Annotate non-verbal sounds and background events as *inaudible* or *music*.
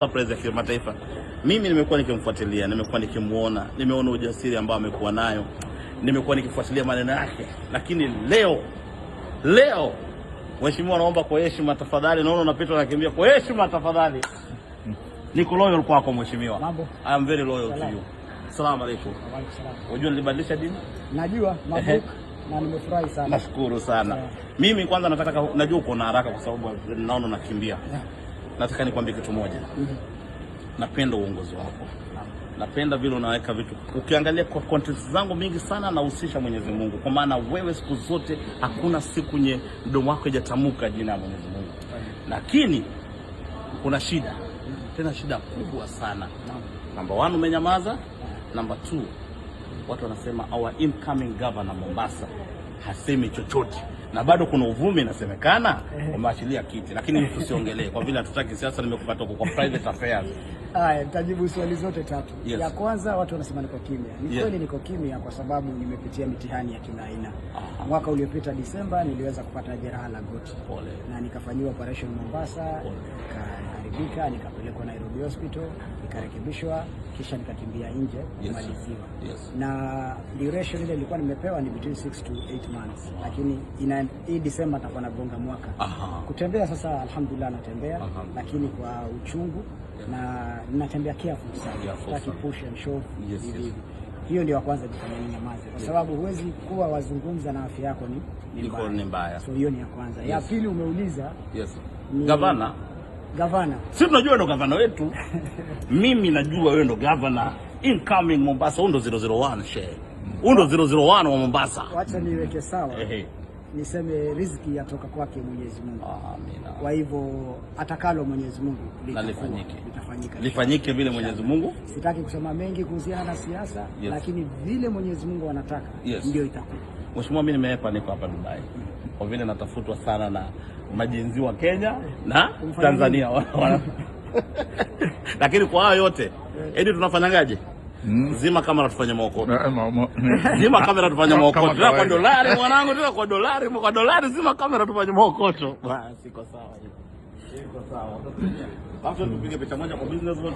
surprise ya kimataifa. Mimi nimekuwa nikimfuatilia, nimekuwa nikimuona, nimeona ujasiri ambao amekuwa nayo, nimekuwa nikifuatilia maneno yake, lakini leo leo, mheshimiwa, naomba kwa heshima tafadhali, naona unapita unakimbia, kwa heshima tafadhali, *laughs* niko loyal kwako mheshimiwa, I am very loyal to you. Asalamu alaykum. Unajua nilibadilisha dini? Najua, *laughs* mabuk na nimefurahi sana. Nashukuru sana. Mimi kwanza nataka, najua uko na haraka kwa sababu naona unakimbia nataka nikwambie kitu moja, mm-hmm. napenda uongozi wako, napenda vile unaweka vitu. Ukiangalia kwa content zangu mingi sana nahusisha Mwenyezi Mungu, kwa maana wewe siku zote, hakuna siku nye mdomo wako haijatamka jina la Mwenyezi Mungu, lakini kuna shida, mm-hmm. tena shida kubwa sana. Namba one umenyamaza. Namba two watu wanasema our incoming governor Mombasa hasemi chochote na bado kuna uvumi inasemekana umeachilia eh. kiti, lakini *laughs* tusiongelee kwa vile hatutaki siasa. Nimekupata huko kwa private affairs. Haya, nitajibu swali zote tatu. Yes. Ya kwanza watu wanasema niko kimya. Ni kweli yes. Niko kimya kwa sababu nimepitia mitihani ya kila aina. Mwaka uliopita Disemba niliweza kupata jeraha la goti na nikafanyiwa operation Mombasa, nikaharibika, nikapelekwa Nairobi hospital, nikarekebishwa, kisha nikakimbia nje kumaliziwa. Yes. Yes. Na duration ile nilikuwa nimepewa ni between 6 to 8 months, lakini ina hii December atakuwa nagonga mwaka. Aha. Kutembea sasa, alhamdulillah natembea. Aha. Lakini kwa uchungu na ninatembea careful sana, sitaki push and show. yes, yes. Hiyo ndio ya kwanza jifanyeni nyamaze, kwa sababu huwezi kuwa wazungumza na afya yako ni ni mbaya. So hiyo ni ya kwanza yes. Ya pili umeuliza yes. ni... gavana gavana, si tunajua ndo gavana wetu *laughs* mimi najua wewe ndo gavana incoming Mombasa, huyo ndo 001 shehe Huyu ndo 001 wa Mombasa. Wacha niweke sawa. Ehe. Niseme riziki yatoka kwake Mwenyezi Mungu. Amina. Kwa hivyo atakalo Mwenyezi Mungu litafanyike. Lifanyike vile Mwenyezi Mungu. Sitaki kusema mengi kuhusiana na siasa, yes. Lakini vile Mwenyezi Mungu anataka yes. Ndio itakuwa. Mheshimiwa, mimi nimeepa niko hapa Dubai kwa vile natafutwa sana na majinzi wa Kenya na Tanzania *laughs* lakini kwa hayo yote edi tunafanyangaje? Hmm? Zima kamera tufanye maokoto. Eh, *laughs* zima kamera tufanye maokoto. Tena kwa dolari mwanangu, tena kwa dolari, kwa dolari zima kamera tufanye maokoto. Basi iko sawa Iko sawa. tupige picha moja kwa business